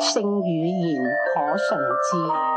聖與賢，可馴致。